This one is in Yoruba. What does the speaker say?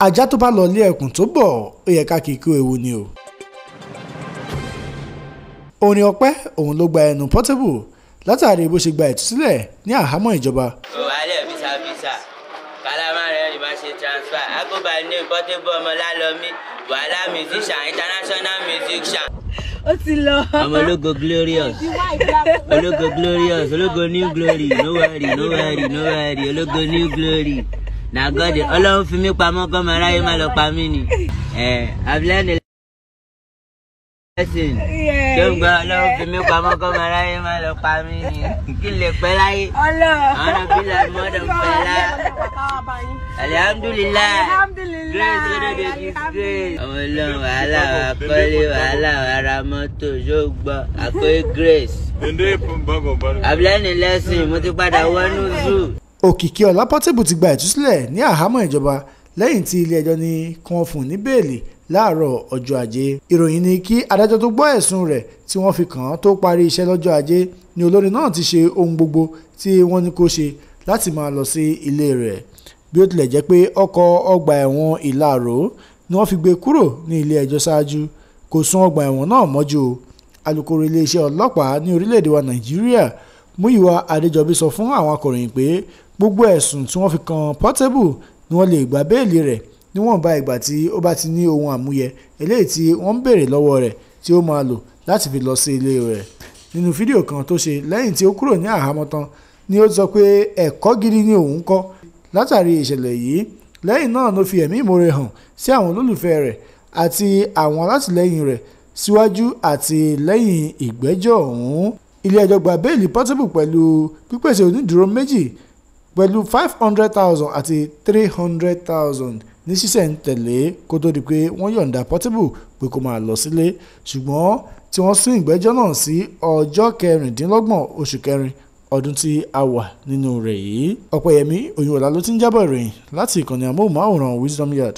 ajá tó bá lọ lé ẹkùn tó bọ̀ ó yẹ ká kì í kú ewu ni o. orin ọpẹ́ òun ló gba ẹnu Portable látàrí bó ṣe gba ìtúsílẹ̀ ní àhámọ́ ìjọba. òwálẹ̀ bisabisa kalamarẹ̀ ni máa ṣe transfer agoba ní Portable ọmọ lálọ́mí wàhálà musician international musician. ó ti lọ. ọmọ ológo glorious ológo glorious ológo new glory no worry no worry no worry ológo new glory na god ọlọ́run fi mí pamọ́ gọ́mọ aráyé má lọ pa mí ni abilẹ́ni lẹ́sìn tó ń gbọ́ ọlọ́run fi mí pamọ́ gọ́mọ aráyé má lọ pa mí ni kí lè pẹ́ láyé àwọn bílà mọ́dọ̀ pẹ́ láyé alihamdulilayi grace olóde is grace ọmọ ọlọ́run wàhálà àkọ́lé wàhálà ara mọ́tò yóò gbọ́ àkọ́lé grace abilẹ́ni lẹ́sìn mo ti padà wọnú zoo òkìkí ọlá pọ́tébù ti gba ìtúsílẹ̀ ní àhámọ́ ìjọba lẹ́yìn tí ilé-ẹjọ́ ní kí wọ́n fún un ní bẹ́ẹ̀lì láàárọ̀ ọjọ́ ajé ìròyìn ni kí adájọ́ tó gbọ́ ẹ̀sùn rẹ̀ tí wọ́n fi kàn án tó parí iṣẹ́ lọ́jọ́ ajé ni olórin náà ti ṣe ohun gbogbo tí wọ́n ní kó ṣe láti máa lọ sí ilé rẹ̀ bí ó tilẹ̀ jẹ́ pé ọkọ̀ ọgbà ẹ̀wọ̀n ìlàró ni wọ́n fi gbé kúrò ní ilé ẹjọ́ ṣáájú kò sún ọgbà ẹ̀wọ̀n náà mọ́jú alukoro iléeṣẹ́ ọlọ́pàá ní orílẹ̀-èdè wa nàìjíríà Múyìwá Adéjọbí sọ fún àwọn akọ̀ròyìn pé gbogbo ẹ̀sùn tí wọ́n fi kan Portable ni wọ́n lè gba béèlì rẹ̀ níwọ̀nba ìgbà tí ó bá ti ní ohun àmúyẹ eléyìí tí wọ́n ń béèrè lọ́wọ́ rẹ̀ tí ó máa lò láti fi lọ sí ilé rẹ̀ nínú fídíò kan tó ṣe lẹ́yìn tí ó kúrò ní àhámọ́ tán ni ó sọ pé ẹ̀kọ́ gidi ni òun kọ́ látàrí ìṣẹ̀lẹ̀ yìí lẹ́yìn náà ló fi ẹ̀mí ìmoore hàn sí àwọn olólùfẹ́ rẹ̀ àti àwọn alátìlẹ́yìn rẹ̀ síwájú àti lẹ́yìn ìgbẹ́jọ́ ọ̀hún ilé-ẹjọ́ gba bẹ́ẹ̀lì Portable pẹ̀lú pípèsè onídùúró méjì pẹ̀lú five hundred thousand àti three hundred thousand ní sísẹ̀ǹtẹ̀lé kó tó di pé wọ́n yọ̀ǹda Portable pé kó máa lọ sílé ṣùgbọ́n tí wọ́n sún ìgbẹ́jọ́ náà sí ọjọ́ kẹrìndínlọ́gbọ̀n oṣù kẹrin ọdún tí a wà nínú rẹ̀ yìí ọ̀pẹ̀yẹmí òyìnbó ló ti ń jábọ̀ ìròyìn láti ìkànnì amóhùnmáwòrán Wisdom Yard.